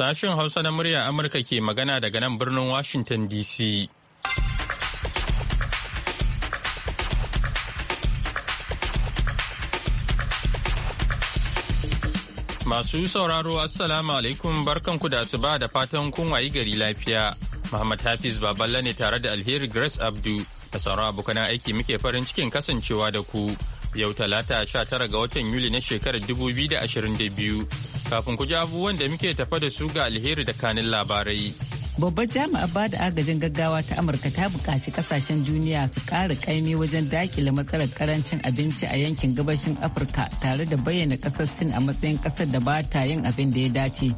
Sashen Hausa na murya Amurka ke magana daga nan birnin Washington DC. Masu sauraro Assalamu alaikum barkanku da asuba da fatan kun wayi gari lafiya. Muhammad Hafiz Baballa ne tare da Alheri Grace Abdu da sauran abokan aiki muke farin cikin kasancewa da ku. Yau talata 19 ga watan Yuli na shekarar 2022 Kafin ku ji abubuwan da muke tafa da su ga alheri da kanin labarai. Babbar jami'a ba da agajin gaggawa ta Amurka ta buƙaci ƙasashen duniya su ƙara ƙaimi wajen dakile matsalar karancin abinci a yankin gabashin Afirka tare da bayyana ƙasar Sin a matsayin ƙasar da ba ta yin abin da ya dace.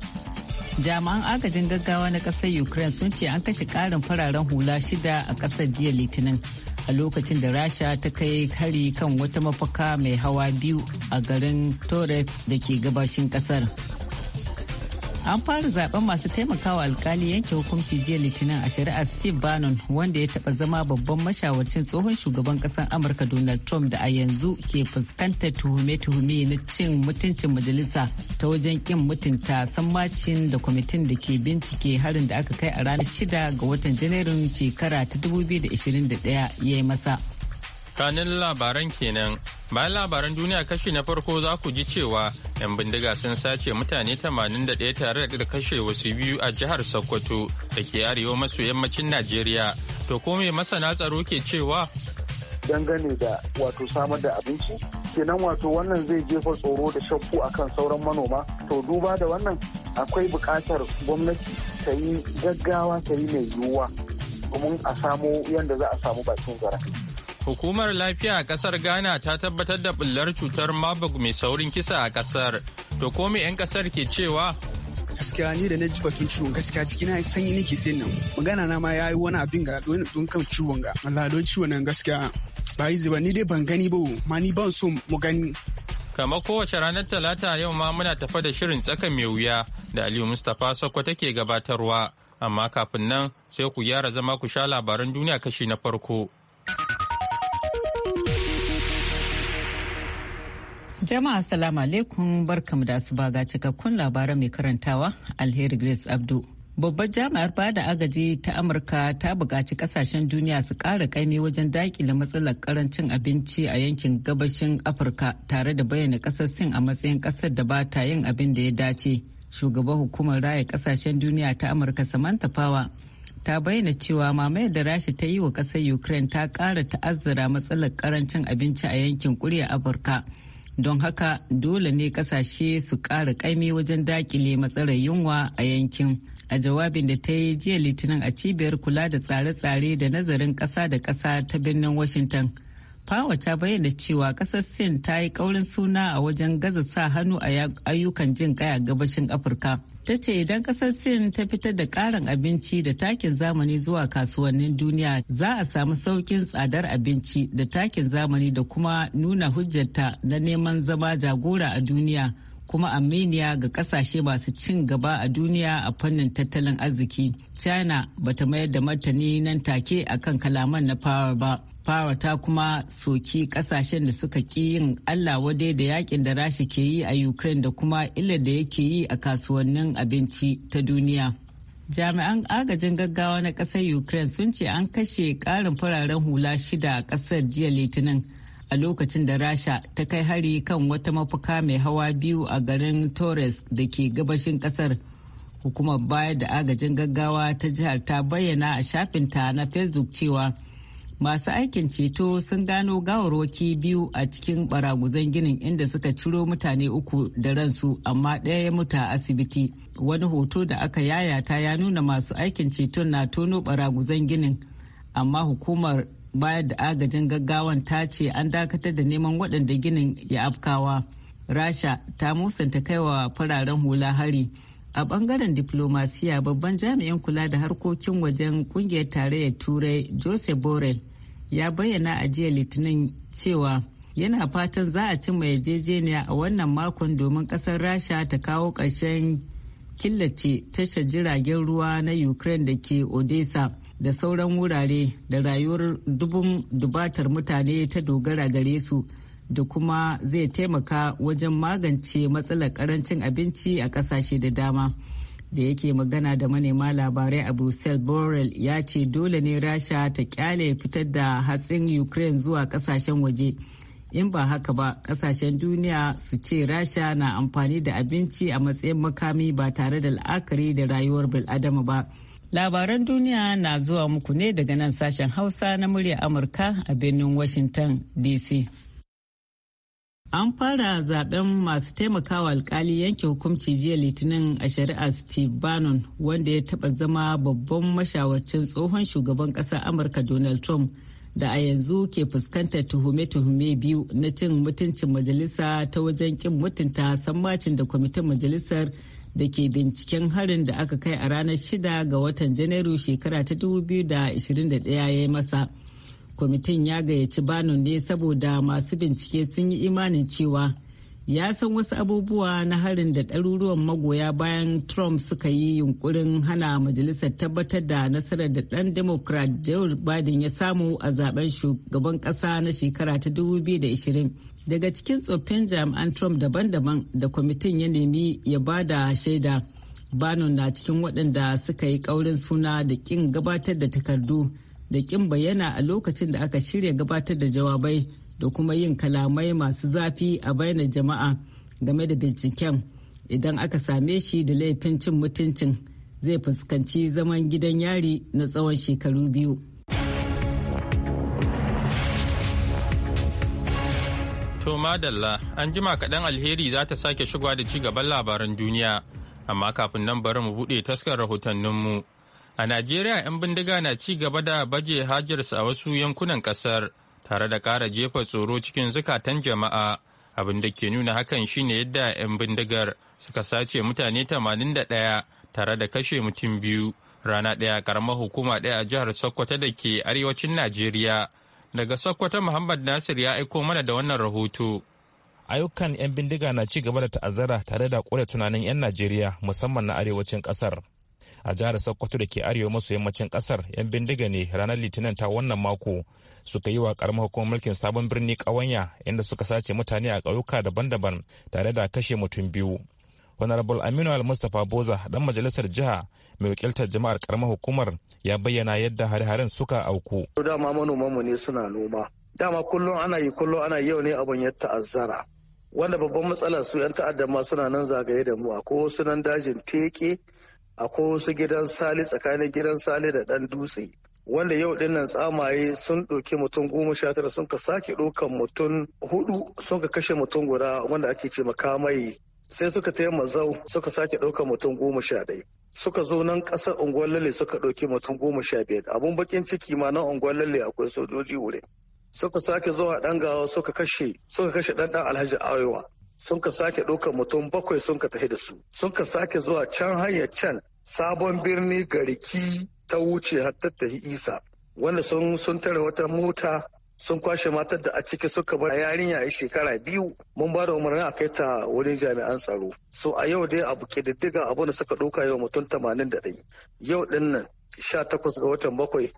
Jami'an agajin gaggawa na ƙasar Ukraine sun ce an kashe ƙarin fararen hula shida a ƙasar jiya Litinin. a lokacin da rasha ta kai hari kan wata mafaka mai hawa biyu a garin torres da ke gabashin kasar an fara zaben masu taimakawa alkali yanke hukunci jiya litinin a shari'a steve bannon wanda ya taba zama babban mashawarcin tsohon shugaban kasar amurka donald trump da a yanzu ke fuskantar tuhume-tuhume na cin mutuncin majalisa ta wajen kin mutunta sammacin da kwamitin da ke bincike harin da aka kai a ranar 6 ga watan janairun shekara ta 2021 ya yi masa kanin labaran kenan bayan labaran duniya kashi na farko za ku ji cewa 'yan bindiga sun sace mutane 81 tare da kashe wasu biyu a jihar sokoto da ke arewa maso yammacin najeriya to ko mai masana tsaro ke cewa dangane da wato samar da abinci kenan wato wannan zai jefa tsoro da shakku akan sauran manoma to duba da wannan akwai buƙatar gwamnati ta yi gaggawa ta yi mai yiwuwa domin a samo yadda za a samu bakin zara. Hukumar lafiya a kasar Ghana ta tabbatar da bullar cutar Marburg mai saurin kisa a kasar. To komi 'yan kasar ke cewa? Gaskiya ni da na ji batun ciwon gaskiya ciki na sanyi nake sai nan. Magana na ma ya yi wani abin ga don kan ciwon ga. Allah don ciwon nan gaskiya ba yi zuba ni dai ban gani ba ma ni ban so mu gani. Kama kowace ranar Talata yau ma muna tafa da shirin tsaka mai wuya da Aliyu Mustapha Sokko take gabatarwa. Amma kafin nan sai ku gyara zama ku sha labaran duniya kashi na farko. Jama'a salamu alaikum barkamu da su baga cikakkun labaran mai karantawa Alheri Grace Abdu. Babbar jami'ar bada agaji ta Amurka ta buƙaci kasashen duniya su ƙara ƙaimi wajen daƙile matsalar ƙarancin abinci a yankin gabashin Afirka tare da bayyana ƙasar Sin a matsayin ƙasar da ba ta yin abin da ya dace. Shugaban hukumar raya ƙasashen duniya ta Amurka Samantha Power ta bayyana cewa mamayar da rasha ta yi wa ƙasar Ukraine ta ƙara ta'azzara matsalar ƙarancin abinci a yankin ƙuriya Afirka. don haka dole ne kasashe su ƙara ƙaimi wajen dakile matsalar yunwa a yankin a jawabin da ta yi jiya litinin a cibiyar kula da tsare-tsare da nazarin ƙasa da ƙasa ta birnin washington fawa ta bayyana cewa ƙasar sin ta yi ƙaurin suna a wajen gaza sa hannu a ayyukan jin ƙai gabashin afirka ta ce idan kasar sin ta fitar da karin abinci da takin zamani zuwa kasuwannin duniya za a samu saukin tsadar abinci da takin zamani da kuma nuna hujjarta na neman zama jagora a duniya kuma aminiya ga kasashe masu cin gaba a duniya a fannin tattalin arziki china bata mayar da martani nan take akan kalaman na power ba fara ta kuma soki kasashen da suka ki yin allah wadai da yakin da rasha ke yi a ukraine da kuma illa da yake yi a kasuwannin abinci ta duniya jami'an agajin gaggawa na kasar ukraine sun ce an kashe karin fararen hula shida a kasar jiya litinin a lokacin da rasha ta kai hari kan wata mafuka mai hawa biyu a garin torres da ke gabashin kasar hukumar bayar da agajin gaggawa ta jihar ta bayyana a shafinta na facebook cewa masu aikin ceto sun gano gawarwaki biyu a cikin baraguzan ginin inda suka ciro mutane uku da ransu amma ɗaya ya mutu a asibiti wani hoto da aka yayata ya nuna masu aikin ceton na tono baraguzan ginin amma hukumar bayar da agajin gaggawan ta ce an dakatar da neman waɗanda ginin ya afkawa rasha ta musanta kaiwa fararen hula hari a bangaren diplomasiya babban jami'in kula da harkokin wajen kungiyar tarayyar turai joseph borrell ya bayyana a jiya litinin cewa yana fatan za a cimma yarjejeniya a wannan makon domin kasar rasha ta kawo ƙarshen killace tashar jiragen ruwa na ukraine da ke odessa da sauran wurare da rayuwar dubun dubatar mutane ta dogara gare su da kuma zai taimaka wajen magance matsalar karancin abinci a kasashe da dama. da yake magana da manema labarai a brussels borrell ya ce dole ne rasha ta kyale fitar da hatsin ukraine zuwa kasashen waje in ba haka ba kasashen duniya su ce rasha na amfani da abinci a matsayin makami ba tare da la'akari da rayuwar bil'adama ba labaran duniya na zuwa muku ne daga nan sashen hausa na murya amurka a birnin washington dc An fara zaben masu taimakawa alkali yanke hukunci jiya litinin a shari'a Steve Bannon wanda ya taba zama babban mashawarcin tsohon shugaban kasa Amurka Donald Trump da a yanzu ke fuskantar tuhume-tuhume biyu na cin mutuncin majalisa ta wajen kin mutunta sammacin da kwamitin majalisar da ke binciken harin da aka kai a ranar 6 ga watan Janairu shekara ta 2021 ya yi masa. kwamitin ya gayyaci banon ne saboda masu bincike sun yi imanin cewa ya san wasu abubuwa na harin da ɗaruruwan magoya bayan trump suka yi yunkurin hana majalisar tabbatar da nasarar da ɗan democrat joe biden ya samu a zaben shugaban ƙasa na shekara ta 2020 daga cikin tsoffin jami'an trump daban-daban da kwamitin ya nemi ya ba da shaida banon na cikin waɗanda suka yi ƙaurin suna da ƙin gabatar da takardu da kin bayyana a lokacin da aka shirya gabatar da jawabai da kuma yin kalamai masu zafi a bainar jama'a game da binciken idan aka same shi da laifin cin mutuncin zai fuskanci zaman gidan yari na tsawon shekaru biyu. To madalla an jima kaɗan alheri za ta sake shigowa da ci gaban labaran duniya amma kafin nan bari mu buɗe taskar rahotanninmu. mu. A Najeriya 'yan bindiga na ci gaba da baje hajarsu a wasu yankunan ƙasar tare da ƙara jefa tsoro cikin zukatan jama'a. Abin da ke nuna hakan shine yadda 'yan bindigar suka sace mutane 81 tare da kashe mutum biyu rana ɗaya ƙaramar hukuma ɗaya a jihar Sokoto da ke arewacin Najeriya. Daga Sokoto Muhammad Nasir ya aiko mana da wannan rahoto. Ayyukan 'yan bindiga na ci gaba da ta'azzara tare da ƙure tunanin 'yan Najeriya musamman na arewacin ƙasar. a jihar sokoto da ke arewa maso yammacin kasar yan bindiga ne ranar litinin ta wannan mako suka yi wa karamar hukumar mulkin sabon birni kawanya inda suka sace mutane a kauyuka daban-daban tare da kashe mutum biyu honorable aminu al-mustapha boza dan majalisar jiha mai wakiltar jama'ar karamar hukumar ya bayyana yadda hare-haren suka auku dama manomanmu ne suna noma dama kullum ana yi kullum ana yau ne abun ya ta'azzara wanda babban matsalar su 'yan ta'addan ma suna nan zagaye da mu akwai wasu nan dajin teke akwai wasu gidan sali tsakanin gidan sali da ɗan dutse wanda yau dinnan tsamaye sun ɗauki mutum goma sha tara sun ka sake ɗaukan mutum hudu sun ka kashe mutum guda wanda ake ce makamai sai suka taya mazau suka sake ɗaukan mutum goma sha ɗaya suka zo nan ƙasar unguwar lalle suka ɗauki mutum goma sha biyar abun bakin ciki ma nan unguwar lalle akwai sojoji wuri suka sake zuwa ɗan gawa suka kashe suka kashe ɗan ɗan alhaji arewa sun ka sake ɗaukar mutum bakwai sun ka tafi da su sun ka sake zuwa can hanyar can sabon birni gariki ta wuce har tattahi isa wanda sun sun tare wata mota sun kwashe matar da a ciki suka bar yarinya a shekara biyu mun ba da umarni a kai ta wurin jami'an tsaro so a yau dai abu diddiga abu da suka ɗauka yau mutum tamanin da yau ɗin nan sha takwas ga watan bakwai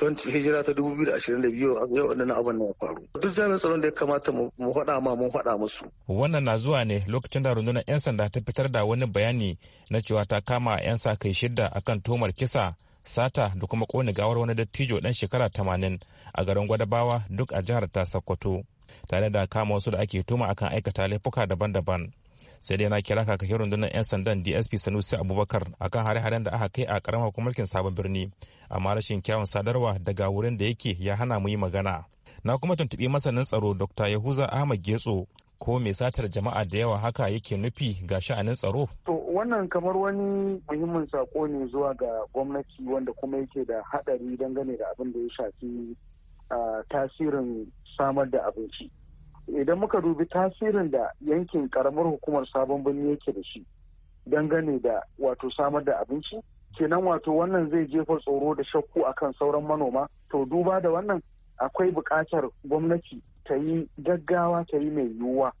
20 hijira ta 2022 yau wannan abin na faru duk jami'an tsaron da ya kamata mu faɗa ma mun faɗa musu wannan na zuwa ne lokacin da rundunar 'yan sanda ta fitar da wani bayani na cewa ta kama 'yan sa kai shidda akan tomar kisa sata da kuma kone gawar wani dattijo dan shekara 80 a garin gwadabawa duk a jihar ta sokoto tare da kama wasu da ake tuma akan aikata laifuka daban-daban sai dai na kira kakakin rundunar 'yan sandan dsp sanusi abubakar akan hare-haren da aka kai a karamar hukumarkin sabon birni amma rashin kyawun sadarwa daga wurin da yake ya hana mu yi magana na kuma tuntuɓi masanin tsaro dr yahuza ahmad getso ko mai satar jama'a da yawa haka yake nufi ga sha'anin tsaro to wannan kamar wani muhimmin sako ne zuwa ga gwamnati wanda kuma yake da haɗari dangane da abin da ya shafi ah, tasirin samar da abinci idan muka dubi tasirin da yankin karamar hukumar sabon birni yake da shi dangane da wato samar da abinci kenan wato wannan zai jefa tsoro da shakku akan sauran manoma to duba da wannan akwai buƙatar gwamnati ta yi gaggawa ta yi mai yiwuwa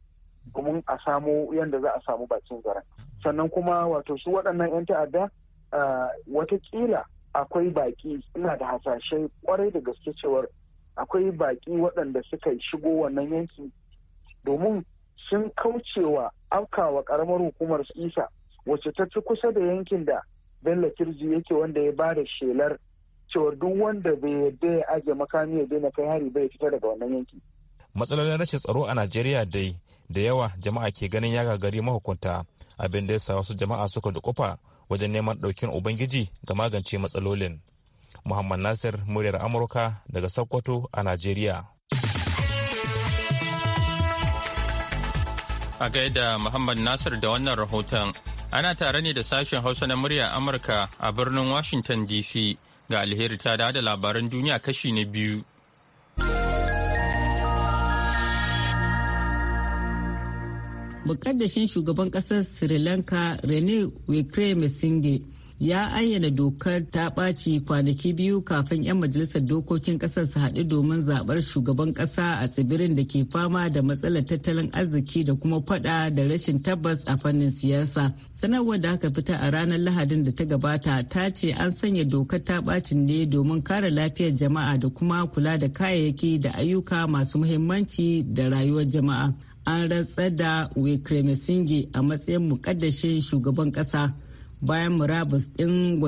domin a samo yadda za a samu bakin zaren sannan kuma wato su waɗannan 'yan ta'adda ah, watakila akwai baƙi suna da hasashe kwarai da gaske cewar akwai baƙi waɗanda suka shigo wannan yanki domin sun kaucewa wa ƙaramar hukumar isa wacce ta ci kusa da yankin da bello kirji yake wanda ya bada shelar cewar duk wanda bai yadda ya ajiye makami ya daina kai hari bai fita daga wannan yanki. matsalolin rashin tsaro a najeriya dai da yawa jama'a ke ganin ya gagari mahukunta abin da ya sa wasu jama'a suka dukufa wajen neman ɗaukin ubangiji ga magance matsalolin. Muhammad Nasir muryar Amurka daga Sokoto a Najeriya. A gaida Muhammad Nasir da wannan rahoton ana tare ne da sashen Hausa na muryar Amurka a birnin Washington DC ga alheri ta da labaran duniya kashi na biyu. Mukaddashin shugaban ƙasar Sri Lanka Rene Wickremesinghe ya ayyana dokar ta ɓaci kwanaki biyu kafin 'yan majalisar dokokin ƙasar su haɗu domin zaɓar shugaban ƙasa a tsibirin da ke fama da matsalar tattalin arziki da kuma faɗa da rashin tabbas a fannin siyasa. sanarwar da aka fita a ranar lahadin da ta gabata ta ce an sanya dokar ta bacin ne domin kare lafiyar jama'a da kuma kula da kayayyaki da ayyuka masu muhimmanci da rayuwar jama'a an rantsar da wikremesingi a matsayin mukaddashin shugaban ƙasa. bayan murabus ɗin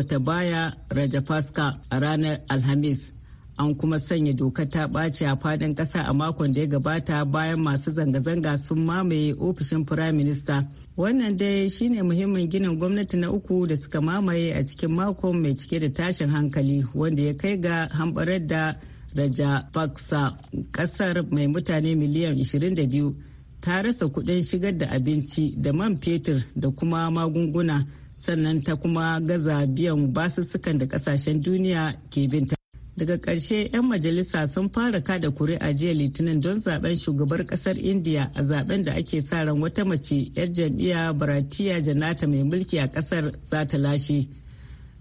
raja faska a ranar Alhamis. An kuma sanya dokar ta ɓaci a fadin ƙasa a makon da ya gabata bayan masu zanga-zanga sun mamaye ofishin Firayim Minista. Wannan dai shine muhimmin ginin gwamnati na uku da suka mamaye a cikin makon mai cike da tashin hankali wanda ya kai ga hambarar da Rajapaksa ƙasar mai mutane miliyan 22. ta rasa kuɗin shigar da abinci da man fetur da kuma magunguna sannan ta kuma gaza biyan basussukan da kasashen duniya ke binta. Daga ƙarshe 'yan majalisa sun fara kada kuri'a jiya litinin don zaben shugabar ƙasar India a zaben da ake sa ran wata mace 'yar jam'iyya Baratiya Janata mai mulki a ƙasar za ta lashe.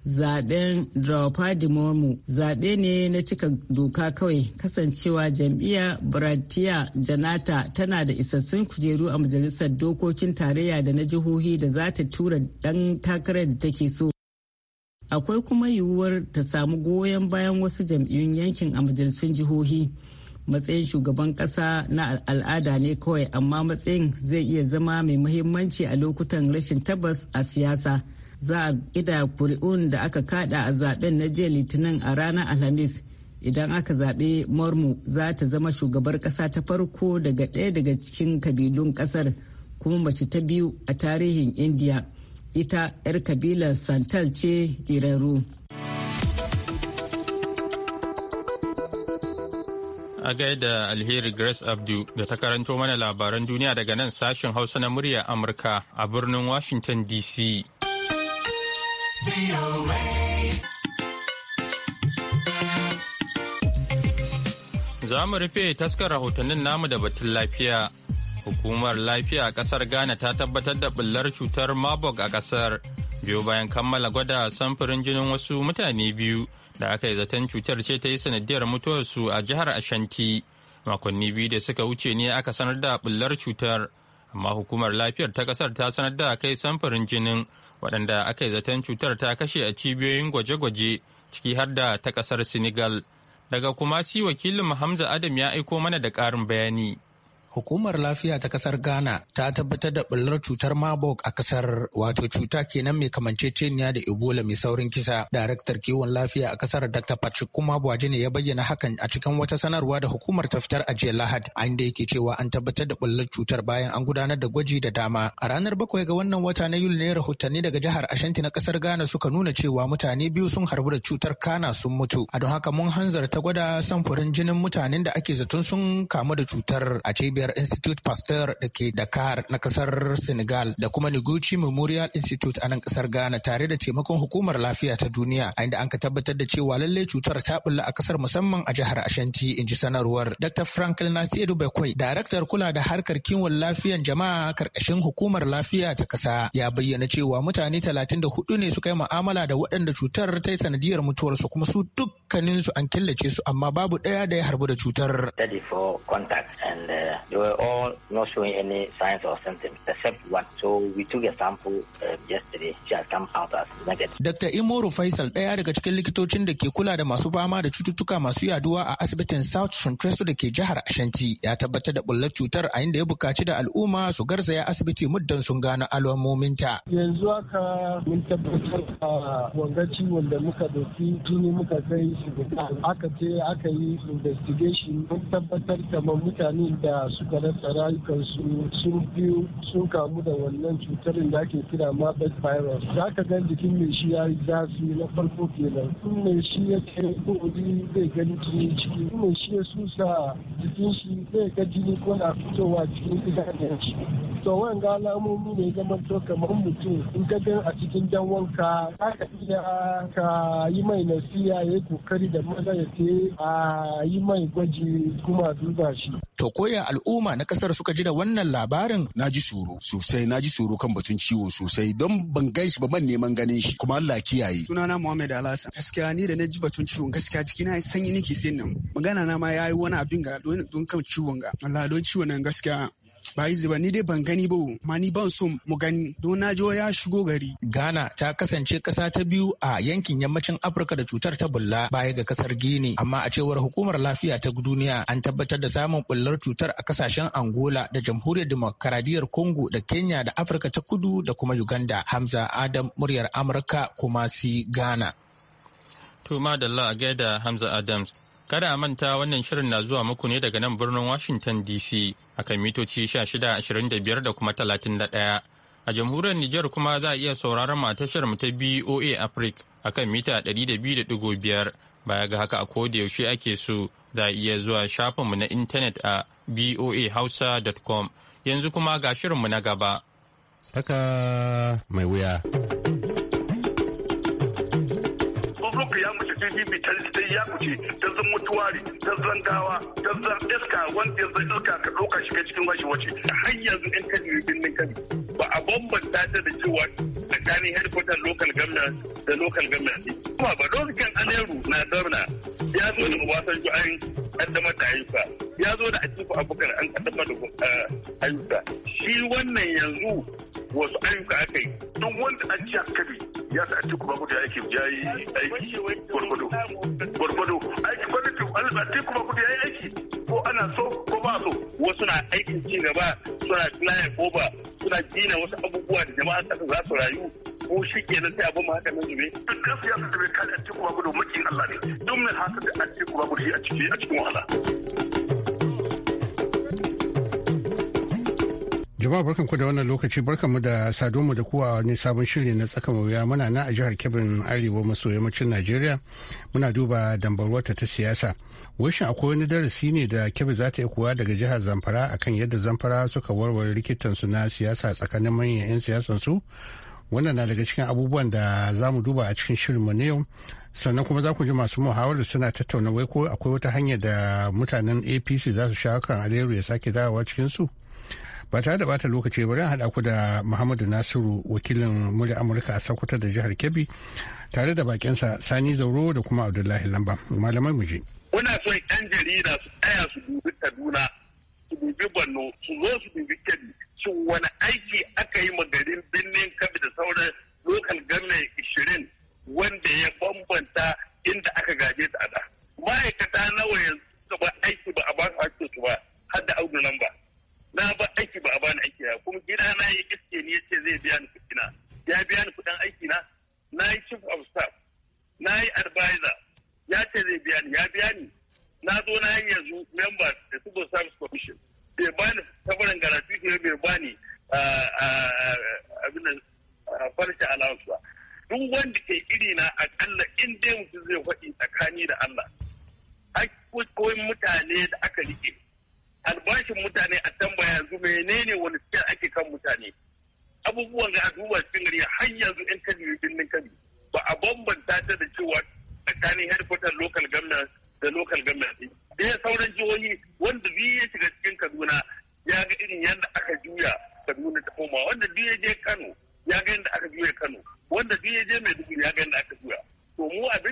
zaben Draupadi Murmu zaɓe ne na cika doka kawai kasancewa jam'iyyar Bratia Janata tana da isassun kujeru a majalisar dokokin tarayya da na jihohi da za ta tura ɗan takarar da take so. Akwai kuma yiwuwar ta samu goyon bayan wasu jam'iyyun yankin a majalisun jihohi. matsayin shugaban ƙasa na al'ada ne kawai amma matsayin zai iya zama mai muhimmanci a lokutan rashin tabbas a siyasa. za a ƙida kuri'un da aka kada a zaben na jiya litinin a ranar alhamis idan aka zaɓe mormu za ta zama shugabar ƙasa ta farko daga ɗaya daga cikin kabilun ƙasar kuma mace ta biyu a tarihin indiya ita 'yar kabilar santal ce ƙirarru a gaida alheri grace abdu da ta karanto mana labaran duniya daga nan sashen hausa na murya amurka a birnin washington dc Za mu rufe taskar rahotannin namu da batun lafiya. Hukumar lafiya a ƙasar Ghana ta tabbatar da bullar cutar Marburg a ƙasar. Biyo bayan kammala gwada samfurin jinin wasu mutane biyu da aka yi zaton cutar ce ta yi sanadiyar mutuwarsu a jihar Ashanti. Makonni biyu da suka wuce ne aka sanar da bullar cutar, amma hukumar lafiyar ta ƙasar ta sanar da kai samfurin jinin waɗanda aka yi zaton cutar ta kashe a cibiyoyin gwaje-gwaje ciki har da ta ƙasar senegal daga kumasi wakilin hamza adam ya aiko mana da ƙarin bayani hukumar lafiya ta kasar ghana ta tabbatar da bullar cutar marburg a kasar wato cuta kenan mai kamanceceniya da ebola mai saurin kisa daraktar kiwon lafiya a kasar dr patrick kuma ne ya bayyana hakan a cikin wata sanarwa da hukumar ta fitar a jiya lahad a inda yake cewa an tabbatar da bullar cutar bayan an gudanar da gwaji da dama a ranar bakwai ga wannan wata na yuli ne rahotanni daga jihar ashanti na kasar ghana suka nuna cewa mutane biyu sun harbu da cutar kana sun mutu a don haka mun hanzarta gwada samfurin jinin mutanen da ake zaton sun kamu da cutar a cibiyar cibiyar Institute Pasteur da ke Dakar na kasar Senegal da kuma niguchi Memorial Institute a nan kasar Ghana tare da taimakon hukumar lafiya ta duniya a inda an ka tabbatar da cewa lallai cutar ta bulla a kasar musamman a jihar Ashanti in ji sanarwar. Dr. Franklin Nasiedu Bakwai, daraktar kula da harkar kiwon lafiyan jama'a karkashin hukumar lafiya ta kasa ya bayyana cewa mutane talatin da hudu ne suka yi mu'amala da waɗanda cutar ta yi sanadiyar mutuwarsu kuma su dukkaninsu an killace su amma babu ɗaya da ya harbu da cutar. 34 they were all not showing any signs or symptoms except one. So we took a sample um, yesterday. She has come out as negative. Dr. Imoru Faisal ɗaya daga cikin likitocin da ke kula da masu fama da cututtuka masu yaduwa a asibitin South Sontreso da ke jihar Ashanti ya tabbatar da bullar cutar a inda ya bukaci da al'umma su garzaya asibiti muddan sun gano alamominta. Yanzu haka mun tabbatar a wanga ciwon da muka doki tuni muka kai shi aka ce aka yi investigation mun tabbatar da mutanen da suka rasa rayukansu sun biyu sun kamu da wannan cutar da ake kira mabed virus za ka ga jikin mai shi ya yi zafi na farko kenan in mai shi ya ke kuri zai gani jini ciki in mai shi ya susa jikin shi zai ga jini ko na fitowa cikin idanun shi to ga alamomi ne zama to kamar mutum in ka gan a cikin dan wanka ka iya ka yi mai nasiya ya yi kokari da maza ya ke a yi mai gwaji kuma duba shi to koya al'umma al'umma na kasar suka ji da wannan labarin na ji tsoro sosai na ji tsoro kan batun ciwo sosai don ban gaishe shi ba ban neman ganin shi kuma Allah kiyaye sunana Muhammad Alhassan gaskiya ni da na ji batun ciwon gaskiya jikina na sanyi nake sai nan magana na ma yayi wani abin ga don kan ciwon ga Allah don ciwon nan gaskiya ba yi ba ni dai ban gani ba ma ni ban so mu gani don na jo ya shigo gari. Ghana ta kasance kasa ta biyu a yankin yammacin Afirka da cutar ta bulla baya ga kasar Gini amma a cewar hukumar lafiya ta duniya an tabbatar da samun bullar cutar a kasashen Angola da jamhuriyar demokaradiyyar Congo da Kenya da Afirka ta kudu da kuma Uganda. Hamza Adam muryar Amurka kuma si Ghana. To madalla a gaida Hamza Adams. Kada a manta wannan shirin na zuwa muku ne daga nan birnin Washington DC akan mitoci 1625 da kuma 31. A jamhuriyar Nijar kuma za a iya sauraron tashar mu ta BOA Africa akan mita 200.5 baya ga haka a yaushe ake so za a iya zuwa shafinmu na intanet a boahausa.com yanzu kuma ga shirinmu na gaba. Saka mai wuya. ya ta zama mutuwari ta zangawa ta iska wanda zai iska ka ɗauka shi ka cikin washi wace har yanzu in ka jiri birnin kan ba a bambanta ta da cewa tsakanin headquarter local government da local government kuma ba dokin aleru na gwamna ya zo da wasan an kaddamar da ayyuka ya zo da atiku abubakar an kaddamar da eh, ayyuka shi wannan yanzu wasu ayyuka aka yi duk wanda an ci kabi ya sa aiki ba kudi aiki ya yi aiki gwargwado gwargwado aiki gwamnati atiku ba kudi ya yi aiki ko ana so ko ba so wasu na aikin ci gaba suna ko ba suna gina wasu abubuwa da jama'a ta za su rayu ko shi nan sai ma haka nan zube duk da siyasa da bai kare atiku ba gudu makin Allah ne duk mai haka da aiki ba gudu a cikin wahala. Jama'a barkan ku da wannan lokaci barkan mu da sado mu da kuwa ne sabon shiri na tsaka wuya muna na a jihar Kebbin Arewa maso yammacin Najeriya muna duba dambarwata ta siyasa. Wishin akwai wani darasi ne da Kebbi za ta yi kuwa daga jihar Zamfara akan yadda Zamfara suka warware su na siyasa tsakanin manyan 'yan siyasan su. Wannan na daga cikin abubuwan da za mu duba a cikin shirin mu na yau. Sannan kuma za ku ji masu da suna tattauna ko akwai wata hanya da mutanen APC za su sha kan Aliyu ya sake dawowa cikin su. ba tare da bata lokaci bari hada ku da muhammadu nasiru wakilin murya amurka a sokoto da jihar kebbi tare da bakinsa sani zauro da kuma abdullahi lamba malamai mu je. muna so yan jarida su tsaya su dubi kaduna su dubi borno su zo su dubi kebbi su wani aiki aka yi magarin birnin kebbi da sauran lokal gane ishirin wanda ya bambanta inda aka gaje ta da ma'aikata nawa yanzu ba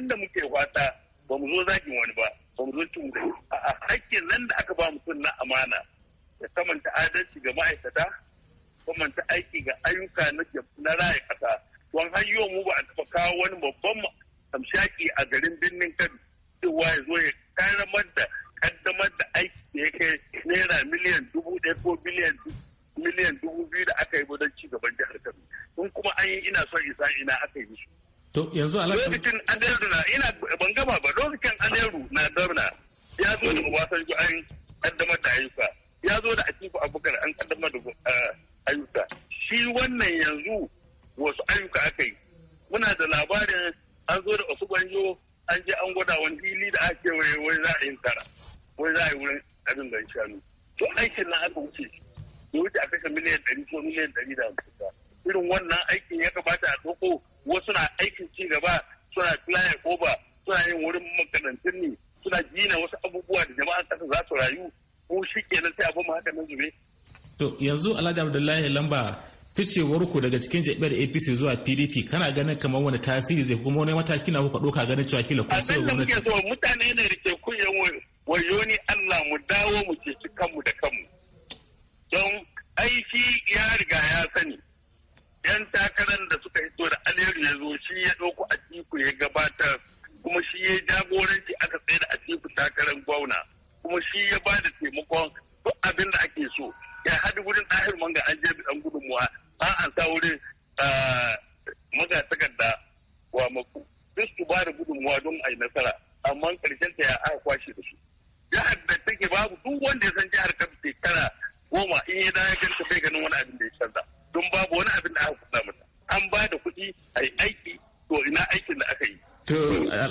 da muke fata ba mu zo zagin wani ba ba mu zo cin wani a hakkin nan da aka ba mu na amana ya samanta adalci ga ma'aikata samanta aiki ga ayyuka na raya kasa don hanyo mu ba a taɓa kawo wani babban amshaki a garin birnin kano cewa ya zo ya karamar da kaddamar da aiki da ya kai naira miliyan dubu ɗaya ko miliyan miliyan dubu biyu da aka yi don ci gaban jihar kano in kuma an yi ina son isa ina aka yi su To yanzu alaƙa. Lokacin Aderu na ina ban gama ba lokacin Aderu na Dorna ya zo da Obasanjo an kaddamar da ayyuka ya zo da Atiku Abubakar an kaddamar da eh, ayyuka. Shi wannan yanzu wasu ayyuka aka yi. Muna da labarin an zo da wasu gwanjo an je an gwada wani fili da ake waye wai za a yi tara wai za a yi wurin abin da shanu. To aikin na aka wuce. Ya wuce a kashe miliyan ɗari ko miliyan ɗari da hamsin. Irin wannan aikin ya kamata a gaba suna flying koba suna yin wurin makarantun ne suna gina wasu abubuwa da jama'an kasa za su rayu ko shi kenan sai abin haka nan zube. To yanzu Alhaji Abdullahi Lamba ficewar ku daga cikin jami'ar APC zuwa PDP kana ganin kamar wani tasiri zai kuma wani mataki na kuka ɗauka ganin cewa kila kun sai gwamnati. Abin da muke so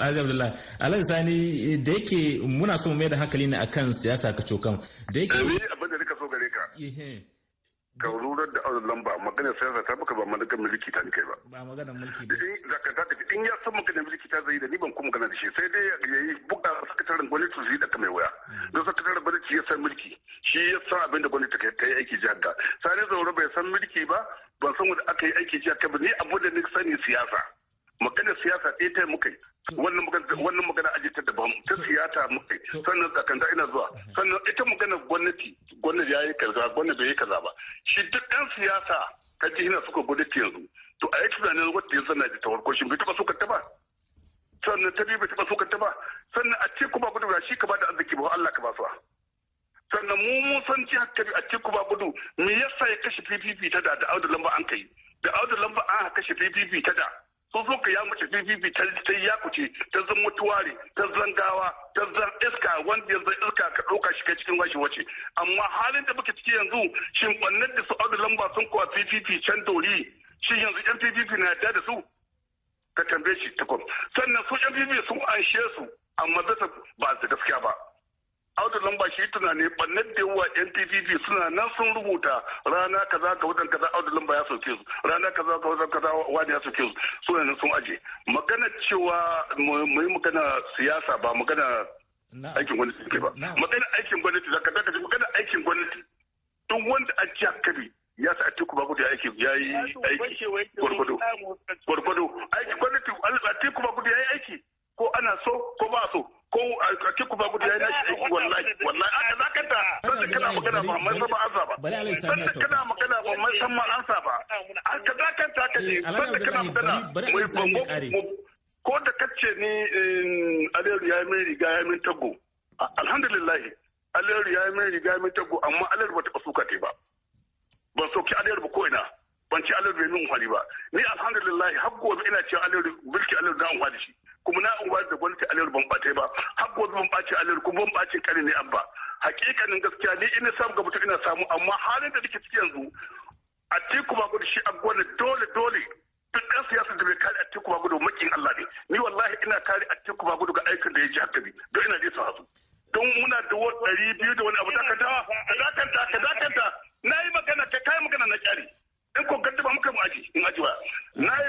alhaji abdullahi alhaji sani eh, da yake muna so mu mai da hankali ne akan siyasa ka cokan da yake Eh abin da nika so gare ka ka rurar da auren lamba magana siyasa ta baka ba magana mulki ta kai ba ba magana mulki ba da eh, ka tafi in ya san magana mulki ta zai da ni ban kuma magana da shi sai dai yayi yi buga sakataren gwamnati su yi da mai waya hmm. don sakataren gwamnati ya san mulki shi ya san abin da gwamnati ta yi aiki jihar sai ne zaure bai san mulki ba ban san wanda aka yi aiki jihar ta ba ni abu da ni sani siyasa sannan tsakanta ina zuwa sannan ita magana gwamnati gwamnati ya yi kaza gwamnati bai yi kaza ba shi duk ɗan siyasa ka ji hina suka ta yanzu to a yi tunanin wata yanzu na da tawar koshin bai taɓa suka ta ba sannan ta biyu bai taɓa suka ta ba sannan a ce kuma gudu shi ka ba da arziki ba Allah ka ba su sannan mu mun san ci haka a ce kuma gudu me yasa ya kashe PPP ta da da audu lamba an kai da audu lamba an kashe PPP ta da tsofin ya mace fi ta ya kuce ta zan mutuware ta zan gawa ta zan iska wanda ya zan iska ka ɗauka shi kai cikin washi wace amma halin da muke ciki yanzu shin ɓannan da su audu lamba sun kuwa pdp can dori shin yanzu yan pdp na yadda da su ka tambaye shi takwam sannan su yan fifi sun anshe su amma zata ba su gaskiya ba audu lamba shi tunani bannan da yawa nppp suna nan sun rubuta rana kaza ga wajen kaza audu lamba ya soke su rana kaza ga wajen kaza wani ya soke su suna nan sun aje magana cewa mu yi magana siyasa ba magana aikin gwamnati ke ba magana aikin gwamnati da kaza kaza magana aikin gwamnati duk wanda a ci hakari ya sa atiku bakudu ya aiki ya yi aiki gwargwado gwargwado aiki gwamnati atiku bakudu ya yi aiki ko ana so ko ba so ko a ke gudu aiki wallahi wallahi da kana magana ba mai sama ansa ba sami mai sama ansa ba ka zakanta ka kana magana kace ni alayyar ya mai riga ya min tago alhamdulillah ya mai riga ya min tago amma ba ta suka ba ban soki alayyar ba ko ina ban ci bai min ba ni alhamdulillah har gobe ina cewa alayyar bilki na an shi kuma na uba da gwamnati aliyar ban ba ba har gobe ban ɓace aliyar kuma ban bace kare ne an ba hakikanin gaskiya ni ina samu ga mutum ina samu amma halin da nake ciki yanzu a tiku ba gudu shi a gwani dole dole duk ɗan siyasa da bai kare a tiku ba gudu makin Allah ne ni wallahi ina kare a tiku ba gudu ga aikin da ya ji haka bi don ina dai su don muna da wani ɗari biyu da wani abu da ka dakanta ka dakanta na yi magana ka kai magana na kyari in ko gaddaba muka mu aji in aji na yi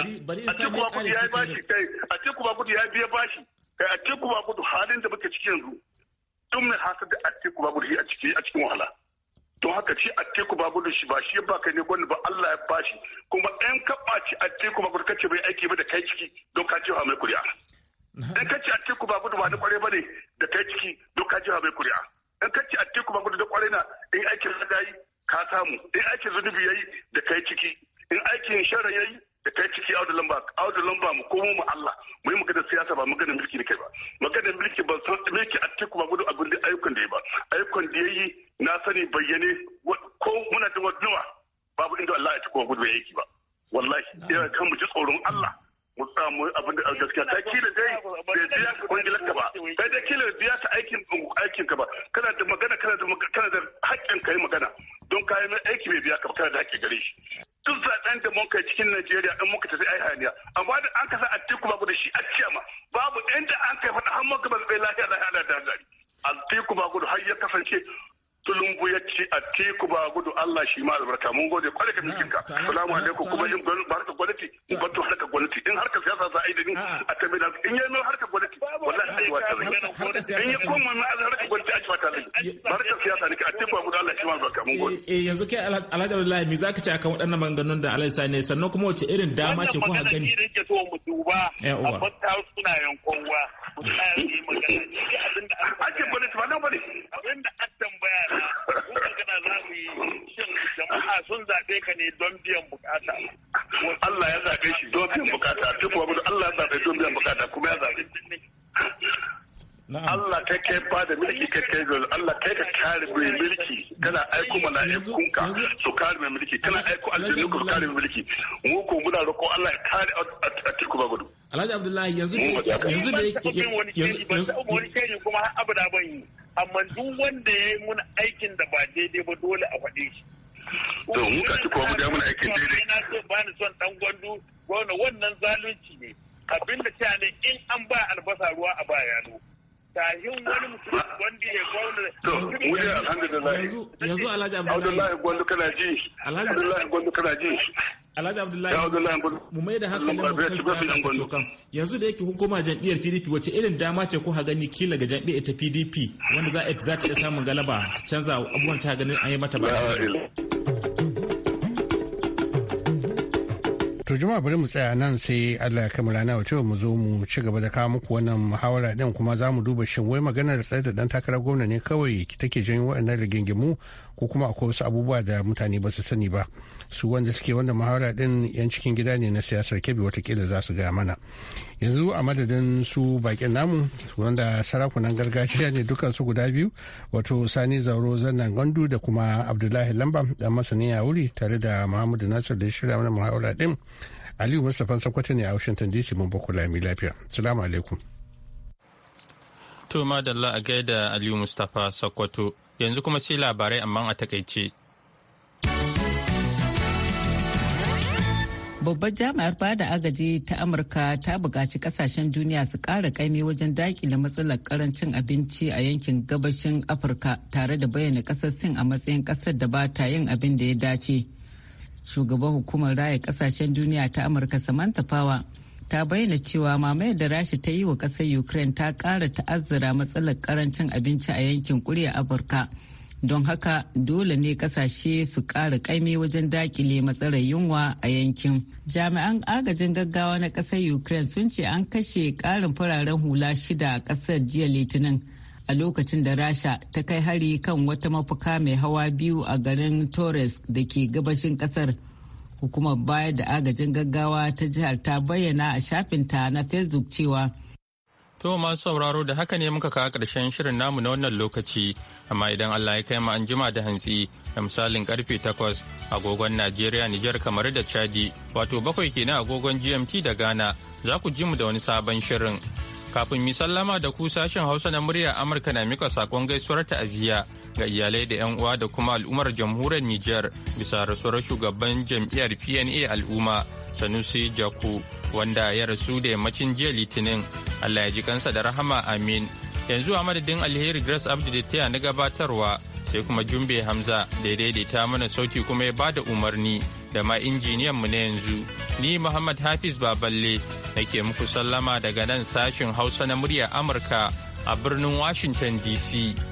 daya a cikin ba ya bashi kai a cikin ba ya biya bashi kai a cikin ba gudu halin da muke cikin yanzu tun mai hasa da a cikin ba gudu a cikin a cikin wahala don haka ce a teku ba gudu shi ba shi ya baka ne gwanda ba Allah ya bashi kuma in ka ɓaci a teku ba gudu kace bai aiki ba da kai ciki don ka jefa mai kuri'a In ka ce a teku ba gudu ba na kware ba ne da kai ciki don ka jefa mai kuri'a in ka ce a teku ba gudu da kware na in aikin da yi ka samu in aikin zunubi yayi da kai ciki in aikin sharan yayi da kai ciki audu lamba audu lamba mu komo mu Allah mu yi maganar siyasa ba maganar mulki ne kai ba maganar mulki ban san mulki a tiku ba gudu abin da ayyukan da ya ba ayyukan da yayi yi na sani bayyane ko muna da wadduwa babu inda Allah ya tiku ba gudu ya yi ba wallahi ya kan mu ji tsoron Allah mu samu abin da gaskiya ta kila dai bai biya ka kwangilar ka ba kai da kila biya ka aikin aikin ka ba kana da magana kana da kana da haƙƙin kai magana don kayan aiki bai biya ka kana da haƙƙi gare shi duk zaben da mun kai cikin Najeriya in muka tafi ai haniya amma da an kasa Atiku babu da shi a ciyama babu inda an kai faɗa har muka ba zai lafiya da hada da zari Atiku babu har ya kasance tulungu ya ce a teku ba gudu Allah shi ma albarka mun gode kwale ka miskinka salamu alaikum kuma in harka gwamnati in bantu harka gwamnati in harka siyasa za a yi da ni a tabi da in yi min harka gwamnati wallahi sai wata zai in yi a harka gwamnati a ci siyasa a teku ba gudu Allah shi ma albarka mun gode eh, eh yanzu kai Alhaji Abdullahi zaka akan waɗannan maganganun da sannan kuma wace irin dama ce eh, wannan a fatta jama'a sun zaɓe ka ne don biyan bukata Allah ya zaɓe shi don biyan bukata gudu Allah ya zaɓe don biyan bukata kuma ya zaɓe Allah kai kai ba da mulki kai kai zo Allah kai ka kare mai mulki kana aiko mala'ikun ka su kare mai mulki kana aiko aljannu ka kare mai mulki mu ko muna roƙo Allah ya kare a tiku ba gudu Alhaji Abdullahi yanzu yanzu da yanzu wani kai kuma har abada ban yi amma duk wanda yayi mun aikin da ba daidai ba dole a faɗe shi to mu ci mu da muna aikin daidai na so ba ni son dan gwandu wannan wannan zalunci ne ta ne in an ba albasa ruwa a ba tahin wani mutum ya to alhamdulillah yanzu yanzu alhaji abdullahi gwandu kana ji alhaji abdullahi gwandu kana ji Alhaji Abdullahi mu mai da hankalin mu kan siyasa ta tokan yanzu da yake hukuma jam'iyyar PDP wace irin dama ce ko gani kila ga jam'iyyar ta PDP wanda za za ta iya samun galaba ta canza abubuwan ta ganin an yi mata ba. to juma bari mu tsaya nan sai allah ya mu rana wato mu zo mu ci gaba da kawo muku wannan muhawara din kuma za mu duba shin wai maganar tsaye da dan takarar gwamna ne kawai take janyo waɗannan rigingimu ko kuma akwai wasu abubuwa da mutane ba su sani ba su wanda suke wanda muhawara din yan cikin gida ne na siyasar kebe watakila za su gaya mana yanzu a madadin su bakin namu wanda sarakunan gargajiya ne dukkan su guda biyu wato sani zauro zannan gandu da kuma abdullahi lamba dan masanin wuri tare da muhammadu nasir da shirya wani muhawara din aliyu mustapha sakwato ne a washington dc mun bako lami lafiya salamu alaikum to madalla a gaida aliyu mustapha sakwato yanzu kuma sai labarai amma a takaice. Babbar jami'ar bada agaji ta Amurka ta buƙaci kasashen duniya su ƙara kaimi wajen daƙile matsalar karancin abinci a yankin gabashin Afirka tare da bayyana ƙasar Sin a matsayin ƙasar da ba ta yin abin da ya dace. Shugaban hukumar raya ƙasashen duniya ta Amurka Samantha Power ta bayyana cewa mamayar da rashi ta yi wa ƙasar ukraine ta ƙara ta'azzara matsalar karancin abinci a yankin kuriya afirka don haka dole ne kasashe su ƙara ƙaimi wajen dakile matsalar yunwa a yankin jami'an agajin gaggawa na ƙasar ukraine sun ce an kashe ƙarin fararen hula shida a ƙasar jiya litinin a lokacin da rasha ta kai hari kan wata mafuka mai hawa biyu a garin torres da ke gabashin ƙasar hukumar bayar da agajin gaggawa ta jihar ta bayyana a shafinta na facebook cewa To masu sauraro da haka ne muka kawo ƙarshen shirin namu na wannan lokaci, amma idan Allah ya kai mu an jima da hantsi da misalin karfe 8 agogon Najeriya, Nijar kamar da Chadi, wato bakwai kenan agogon GMT da Ghana, za ku ji mu da wani sabon shirin. Kafin mi sallama da ku sashen Hausa na murya Amurka na mika sakon gaisuwar ta'aziyya ga iyalai da 'yan uwa da kuma al'ummar jamhuriyar Nijar bisa rasuwar shugaban jam'iyyar PNA al'umma Sanusi Jaku wanda ya rasu da yammacin jiya Litinin. Allah ya ji kansa da rahama amin. Yanzu a madadin alheri Grace Abdi da taya na gabatarwa sai kuma Jumbe Hamza da ya daidaita mana sauti kuma ya bada umarni da ma injiniyan mu na yanzu. Ni Muhammad Hafiz Baballe nake muku sallama daga nan sashin Hausa na murya Amurka a birnin Washington DC.